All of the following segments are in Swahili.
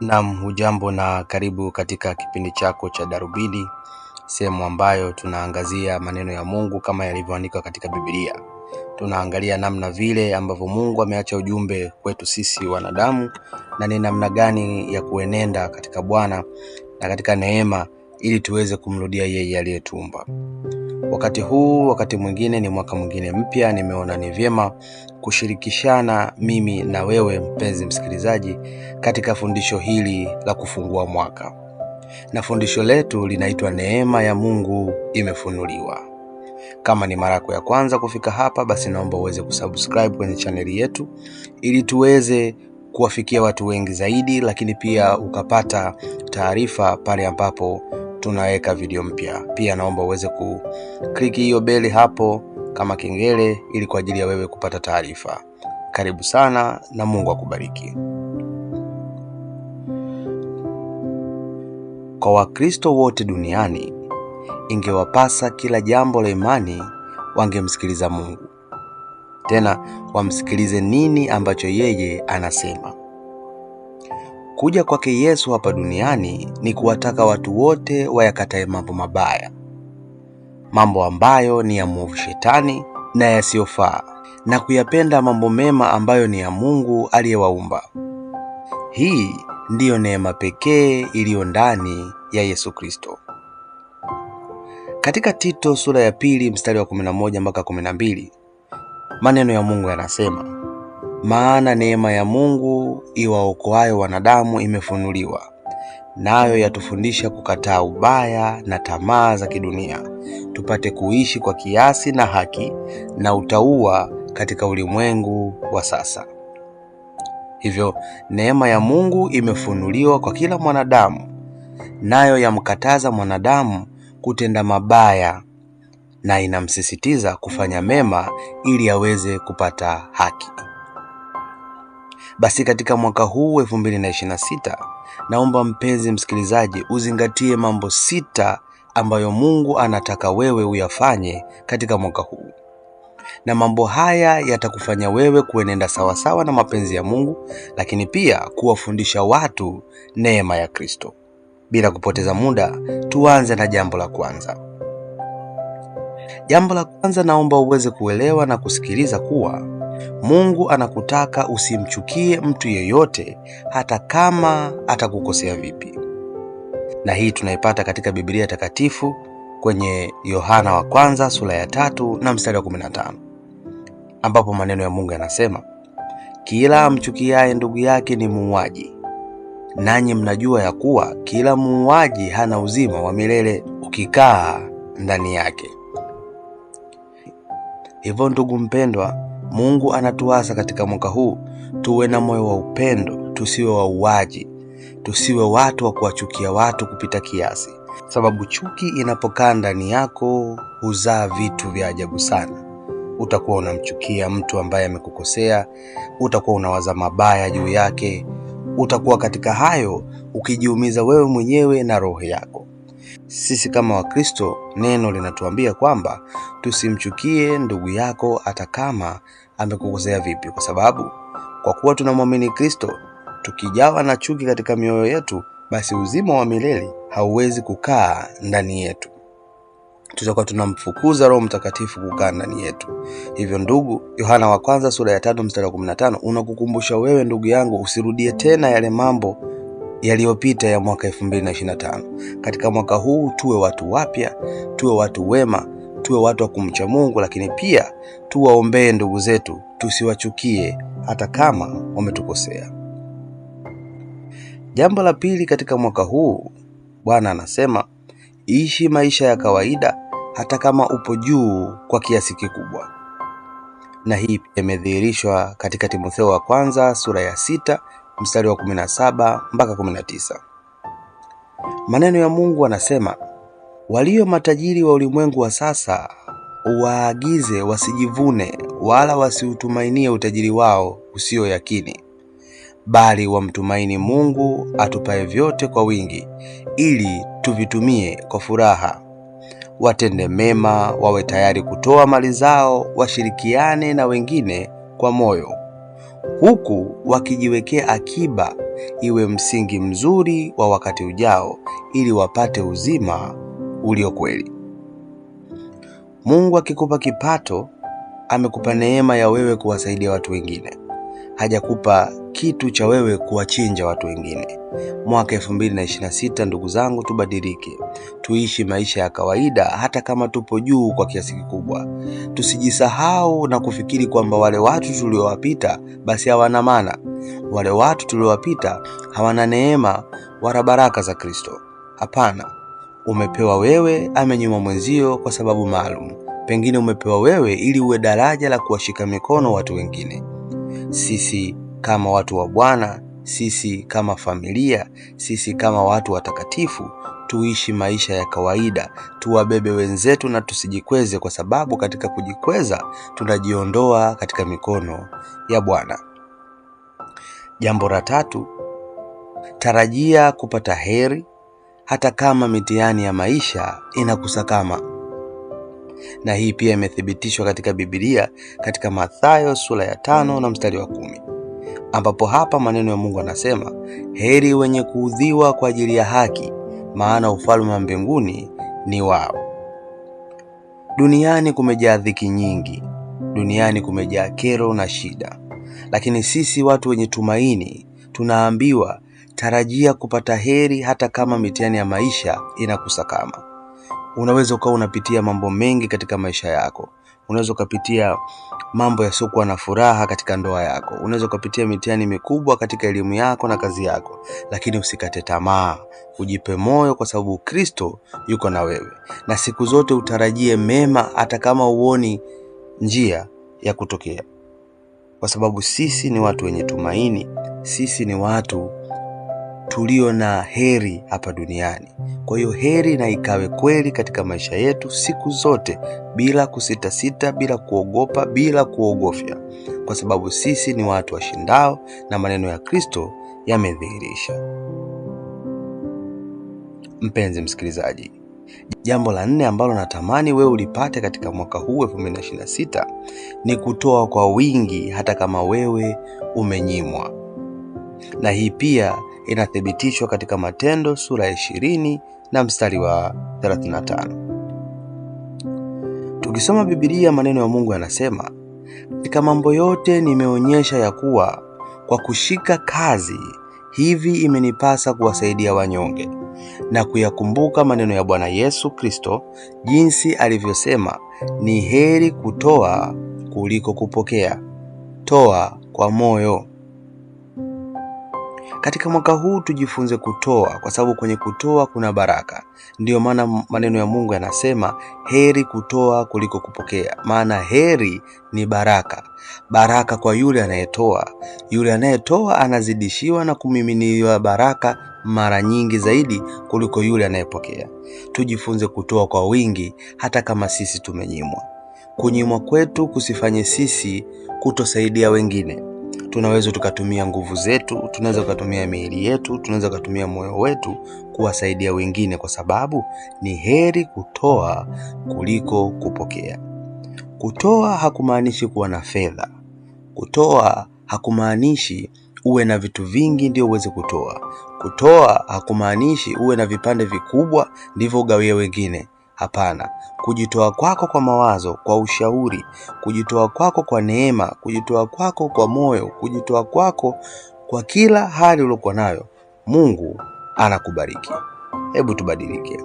Naam, hujambo na karibu katika kipindi chako cha Darubini, sehemu ambayo tunaangazia maneno ya Mungu kama yalivyoandikwa katika Biblia. Tunaangalia namna vile ambavyo Mungu ameacha ujumbe kwetu sisi wanadamu na ni namna gani ya kuenenda katika Bwana na katika neema ili tuweze kumrudia yeye aliyetumba. Wakati huu, wakati mwingine ni mwaka mwingine mpya, nimeona ni vyema kushirikishana mimi na wewe mpenzi msikilizaji katika fundisho hili la kufungua mwaka, na fundisho letu linaitwa neema ya Mungu imefunuliwa. Kama ni mara yako ya kwanza kufika hapa, basi naomba uweze kusubscribe kwenye chaneli yetu ili tuweze kuwafikia watu wengi zaidi, lakini pia ukapata taarifa pale ambapo tunaweka video mpya. Pia naomba uweze kukliki hiyo beli hapo kama kengele, ili kwa ajili ya wewe kupata taarifa. Karibu sana na Mungu akubariki. Kwa Wakristo wote duniani, ingewapasa kila jambo la imani wangemsikiliza Mungu, tena wamsikilize nini ambacho yeye anasema. Kuja kwake Yesu hapa duniani ni kuwataka watu wote wayakatae mambo mabaya, mambo ambayo ni ya mwovu Shetani na yasiyofaa, na kuyapenda mambo mema ambayo ni ya Mungu aliyewaumba. Hii ndiyo neema pekee iliyo ndani ya Yesu Kristo. Katika Tito sura ya pili mstari wa 11 mpaka 12, maneno ya Mungu yanasema maana neema ya Mungu iwaokoayo wanadamu imefunuliwa, nayo yatufundisha kukataa ubaya na tamaa za kidunia, tupate kuishi kwa kiasi na haki na utauwa katika ulimwengu wa sasa. Hivyo neema ya Mungu imefunuliwa kwa kila mwanadamu, nayo yamkataza mwanadamu kutenda mabaya na inamsisitiza kufanya mema ili aweze kupata haki. Basi katika mwaka huu 2026 naomba mpenzi msikilizaji uzingatie mambo sita ambayo Mungu anataka wewe uyafanye katika mwaka huu, na mambo haya yatakufanya wewe kuenenda sawasawa na mapenzi ya Mungu, lakini pia kuwafundisha watu neema ya Kristo. Bila kupoteza muda, tuanze na jambo la kwanza. Jambo la kwanza, naomba uweze kuelewa na kusikiliza kuwa Mungu anakutaka usimchukie mtu yeyote, hata kama atakukosea vipi, na hii tunaipata katika Biblia Takatifu kwenye Yohana wa kwanza sura ya tatu na mstari wa 15 ambapo maneno ya Mungu yanasema, kila amchukiaye ndugu yake ni muuaji, nanyi mnajua ya kuwa kila muuaji hana uzima wa milele ukikaa ndani yake. Hivyo ndugu mpendwa Mungu anatuasa katika mwaka huu tuwe na moyo wa upendo, tusiwe wauaji, tusiwe watu wa kuwachukia watu kupita kiasi, sababu chuki inapokaa ndani yako huzaa vitu vya ajabu sana. Utakuwa unamchukia mtu ambaye amekukosea, utakuwa unawaza mabaya juu yake, utakuwa katika hayo ukijiumiza wewe mwenyewe na roho yako. Sisi kama Wakristo, neno linatuambia kwamba tusimchukie ndugu yako hata kama amekukosea vipi, kwa sababu kwa kuwa tunamwamini Kristo, tukijawa na chuki katika mioyo yetu, basi uzima wa milele hauwezi kukaa ndani yetu. Tutakuwa tunamfukuza Roho Mtakatifu kukaa ndani yetu. Hivyo ndugu, Yohana wa kwanza sura ya tatu mstari wa tano unakukumbusha wewe ndugu yangu, usirudie tena yale mambo yaliyopita ya mwaka 2025. Katika mwaka huu tuwe watu wapya, tuwe watu wema, tuwe watu wa kumcha Mungu, lakini pia tuwaombee ndugu zetu, tusiwachukie hata kama wametukosea. Jambo la pili katika mwaka huu, Bwana anasema ishi maisha ya kawaida hata kama upo juu kwa kiasi kikubwa, na hii pia imedhihirishwa katika Timotheo wa kwanza sura ya sita mstari wa 17 mpaka 19. Maneno ya Mungu anasema, walio matajiri wa ulimwengu wa sasa waagize wasijivune wala wasiutumainie utajiri wao usio yakini, bali wamtumaini Mungu atupaye vyote kwa wingi, ili tuvitumie kwa furaha. Watende mema, wawe tayari kutoa mali zao, washirikiane na wengine kwa moyo huku wakijiwekea akiba iwe msingi mzuri wa wakati ujao ili wapate uzima ulio kweli. Mungu akikupa kipato, amekupa neema ya wewe kuwasaidia watu wengine hajakupa kitu cha wewe kuwachinja watu wengine. Mwaka 2026 ndugu zangu, tubadilike, tuishi maisha ya kawaida, hata kama tupo juu kwa kiasi kikubwa. Tusijisahau na kufikiri kwamba wale watu tuliowapita basi hawana maana, wale watu tuliowapita hawana neema wala baraka za Kristo. Hapana, umepewa wewe, amenyuma mwenzio kwa sababu maalum. Pengine umepewa wewe ili uwe daraja la kuwashika mikono watu wengine sisi kama watu wa Bwana, sisi kama familia, sisi kama watu watakatifu tuishi maisha ya kawaida, tuwabebe wenzetu na tusijikweze, kwa sababu katika kujikweza tunajiondoa katika mikono ya Bwana. Jambo la tatu, tarajia kupata heri hata kama mitihani ya maisha inakusakama na hii pia imethibitishwa katika Biblia katika Mathayo sura ya tano na mstari wa kumi ambapo hapa maneno ya Mungu anasema, heri wenye kuudhiwa kwa ajili ya haki, maana ufalme wa mbinguni ni wao. Duniani kumejaa dhiki nyingi, duniani kumejaa kero na shida, lakini sisi watu wenye tumaini tunaambiwa, tarajia kupata heri hata kama mitihani ya maisha inakusakama. Unaweza ukawa unapitia mambo mengi katika maisha yako. Unaweza ukapitia mambo yasiokuwa na furaha katika ndoa yako. Unaweza ukapitia mitihani mikubwa katika elimu yako na kazi yako, lakini usikate tamaa, ujipe moyo, kwa sababu Kristo yuko na wewe, na siku zote utarajie mema, hata kama uoni njia ya kutokea, kwa sababu sisi ni watu wenye tumaini, sisi ni watu tulio na heri hapa duniani. Kwa hiyo heri na ikawe kweli katika maisha yetu siku zote, bila kusitasita, bila kuogopa, bila kuogofya, kwa sababu sisi ni watu washindao na maneno ya Kristo yamedhihirisha. Mpenzi msikilizaji, jambo la nne ambalo natamani wewe ulipate katika mwaka huu 2026 ni kutoa kwa wingi, hata kama wewe umenyimwa. Na hii pia inathibitishwa katika Matendo sura ya 20 na mstari wa 35. Tukisoma bibilia maneno ya Mungu yanasema, katika mambo yote nimeonyesha ya kuwa kwa kushika kazi hivi imenipasa kuwasaidia wanyonge na kuyakumbuka maneno ya Bwana Yesu Kristo, jinsi alivyosema, ni heri kutoa kuliko kupokea. Toa kwa moyo katika mwaka huu tujifunze kutoa, kwa sababu kwenye kutoa kuna baraka. Ndiyo maana maneno ya Mungu yanasema heri kutoa kuliko kupokea, maana heri ni baraka. Baraka kwa yule anayetoa. Yule anayetoa anazidishiwa na kumiminiwa baraka mara nyingi zaidi kuliko yule anayepokea. Tujifunze kutoa kwa wingi, hata kama sisi tumenyimwa. Kunyimwa kwetu kusifanye sisi kutosaidia wengine tunaweza tukatumia nguvu zetu, tunaweza tukatumia miili yetu, tunaweza ukatumia moyo wetu kuwasaidia wengine, kwa sababu ni heri kutoa kuliko kupokea. Kutoa hakumaanishi kuwa na fedha. Kutoa hakumaanishi uwe na vitu vingi ndio uweze kutoa. Kutoa hakumaanishi uwe na vipande vikubwa ndivyo ugawie wengine. Hapana, kujitoa kwako kwa mawazo, kwa ushauri, kujitoa kwako kwa neema, kujitoa kwako kwa moyo, kujitoa kwako kwa kila hali uliokuwa nayo, Mungu anakubariki. Hebu tubadilike.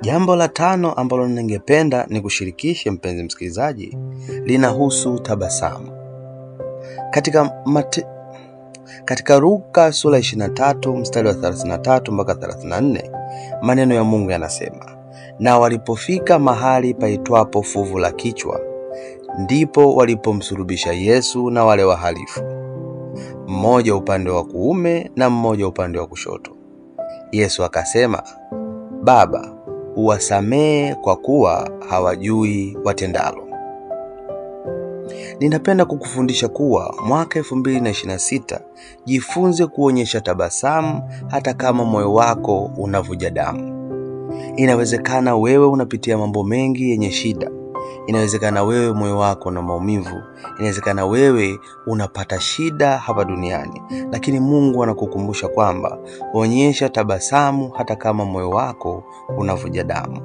Jambo la tano ambalo ningependa nikushirikishe mpenzi msikilizaji, linahusu tabasamu. Katika mate... katika Luka sura 23 mstari wa 33 mpaka 34 maneno ya Mungu yanasema na walipofika mahali paitwapo fuvu la kichwa, ndipo walipomsulubisha Yesu na wale wahalifu, mmoja upande wa kuume na mmoja upande wa kushoto. Yesu akasema, Baba, uwasamehe kwa kuwa hawajui watendalo. Ninapenda kukufundisha kuwa mwaka 2026 jifunze kuonyesha tabasamu hata kama moyo wako unavuja damu. Inawezekana wewe unapitia mambo mengi yenye shida. Inawezekana wewe moyo wako na maumivu. Inawezekana wewe unapata shida hapa duniani, lakini Mungu anakukumbusha kwamba onyesha tabasamu hata kama moyo wako unavuja damu.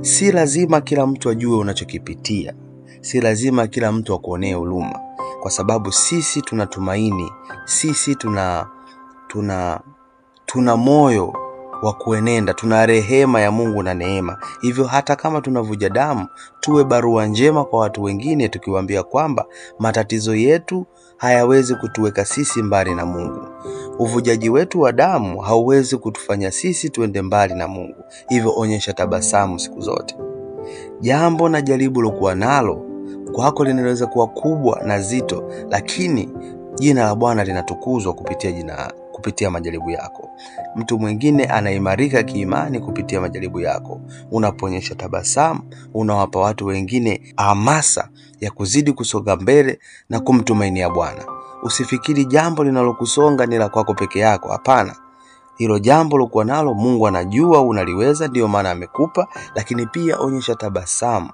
Si lazima kila mtu ajue unachokipitia. Si lazima kila mtu akuonee huruma, kwa sababu sisi tuna tumaini, sisi tuna tuna tuna moyo wa kuenenda, tuna rehema ya Mungu na neema. Hivyo hata kama tunavuja damu, tuwe barua njema kwa watu wengine, tukiwaambia kwamba matatizo yetu hayawezi kutuweka sisi mbali na Mungu. Uvujaji wetu wa damu hauwezi kutufanya sisi tuende mbali na Mungu. Hivyo onyesha tabasamu siku zote. Jambo na jaribu lokuwa nalo kwako linaweza kuwa kubwa na zito, lakini jina la Bwana linatukuzwa kupitia jina kupitia majaribu yako. Mtu mwingine anaimarika kiimani kupitia majaribu yako. Unapoonyesha tabasamu, unawapa watu wengine hamasa ya kuzidi kusonga mbele na kumtumainia Bwana. Usifikiri jambo linalokusonga ni la kwako peke yako. Hapana, hilo jambo lokuwa nalo Mungu anajua unaliweza, ndiyo maana amekupa. Lakini pia onyesha tabasamu.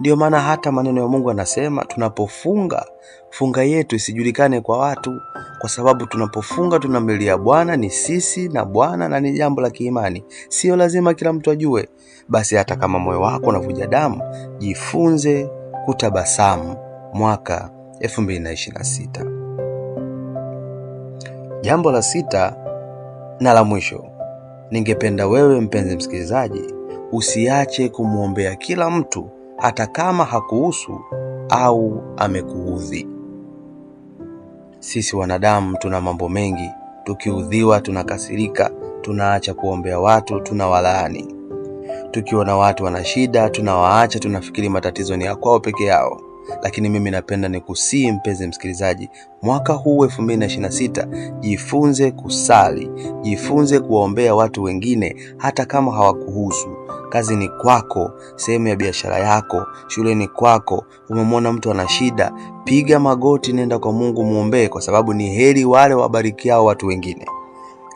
Ndiyo maana hata maneno ya Mungu anasema tunapofunga funga yetu isijulikane kwa watu, kwa sababu tunapofunga tunamlilia Bwana, ni sisi na Bwana, na ni jambo la kiimani, sio lazima kila mtu ajue. Basi hata kama moyo wako unavuja damu, jifunze kutabasamu mwaka 2026. Jambo la sita na la mwisho, ningependa wewe mpenzi msikilizaji, usiache kumwombea kila mtu hata kama hakuhusu au amekuudhi. Sisi wanadamu tuna mambo mengi, tukiudhiwa tunakasirika, tunaacha kuombea watu, tunawalaani. Tukiona watu wana shida tunawaacha, tunafikiri matatizo ni ya kwao peke yao lakini mimi napenda ni kusii, mpenzi msikilizaji, mwaka huu 226 jifunze kusali, jifunze kuwaombea watu wengine hata kama hawakuhusu. Kazi ni kwako, sehemu ya biashara yako, shule ni kwako. Umemwona mtu ana shida, piga magoti, nenda kwa Mungu mwombee kwa sababu ni heri wale wabarikiao watu wengine.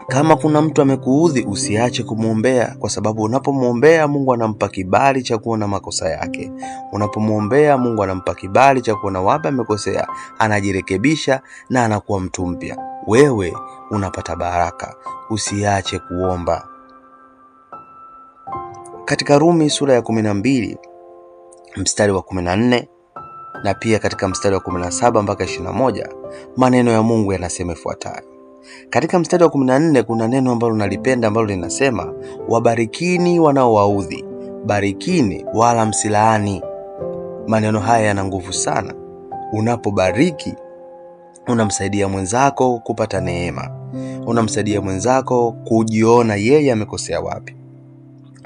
Kama kuna mtu amekuudhi, usiache kumwombea, kwa sababu unapomwombea Mungu anampa kibali cha kuona makosa yake. Unapomwombea Mungu anampa kibali cha kuona wapi amekosea, anajirekebisha na anakuwa mtu mpya. Wewe unapata baraka, usiache kuomba. Katika Rumi sura ya 12 mstari wa 14 na pia katika mstari wa 17 mpaka 21 maneno ya Mungu yanasema ifuatayo: katika mstari wa 14 kuna neno ambalo nalipenda ambalo linasema wabarikini wanaowaudhi, barikini wala msilaani. Maneno haya yana nguvu sana. Unapobariki unamsaidia mwenzako kupata neema, unamsaidia mwenzako kujiona yeye amekosea wapi,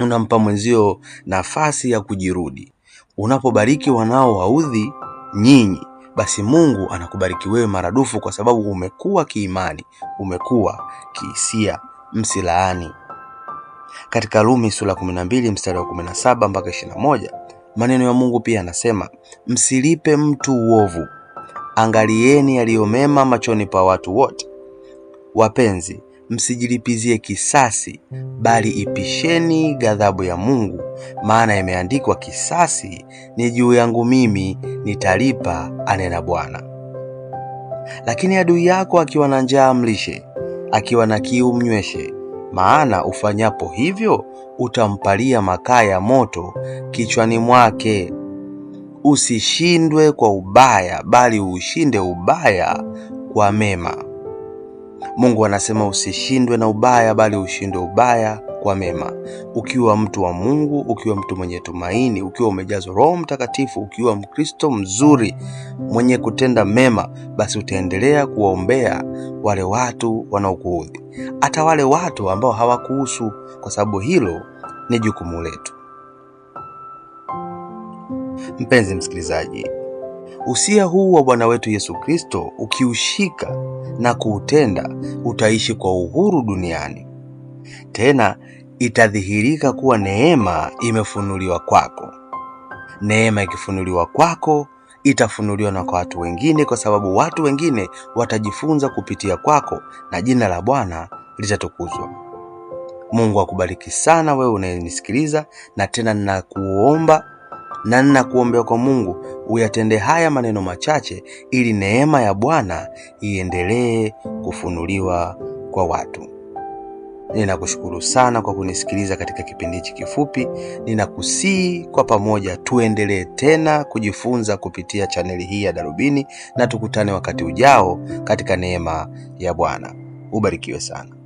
unampa mwenzio nafasi ya kujirudi. Unapobariki wanaowaudhi nyinyi basi Mungu anakubariki wewe maradufu, kwa sababu umekuwa kiimani, umekuwa kihisia. Msilaani. Katika Rumi sura 12 mstari wa 17 mpaka 21, maneno ya Mungu pia anasema msilipe mtu uovu, angalieni yaliyo mema machoni pa watu wote. Wapenzi, msijilipizie kisasi, bali ipisheni ghadhabu ya Mungu, maana imeandikwa, kisasi ni juu yangu mimi, nitalipa, anena Bwana. Lakini adui yako akiwa na njaa mlishe, akiwa na kiu mnyweshe, maana ufanyapo hivyo utampalia makaa ya moto kichwani mwake. Usishindwe kwa ubaya, bali uushinde ubaya kwa mema. Mungu anasema usishindwe na ubaya, bali ushinde ubaya kwa mema. Ukiwa mtu wa Mungu, ukiwa mtu mwenye tumaini, ukiwa umejazwa Roho Mtakatifu, ukiwa Mkristo mzuri mwenye kutenda mema, basi utaendelea kuwaombea wale watu wanaokuudhi, hata wale watu ambao hawakuhusu, kwa sababu hilo ni jukumu letu. Mpenzi msikilizaji Usia huu wa Bwana wetu Yesu Kristo ukiushika na kuutenda, utaishi kwa uhuru duniani. Tena itadhihirika kuwa neema imefunuliwa kwako. Neema ikifunuliwa kwako itafunuliwa na kwa watu wengine, kwa sababu watu wengine watajifunza kupitia kwako na jina la Bwana litatukuzwa. Mungu akubariki sana wewe unayenisikiliza, na tena ninakuomba na ninakuombea kwa Mungu uyatende haya maneno machache, ili neema ya Bwana iendelee kufunuliwa kwa watu. Ninakushukuru sana kwa kunisikiliza katika kipindi hiki kifupi. Ninakusii kwa pamoja tuendelee tena kujifunza kupitia chaneli hii ya Darubini, na tukutane wakati ujao katika neema ya Bwana. Ubarikiwe sana.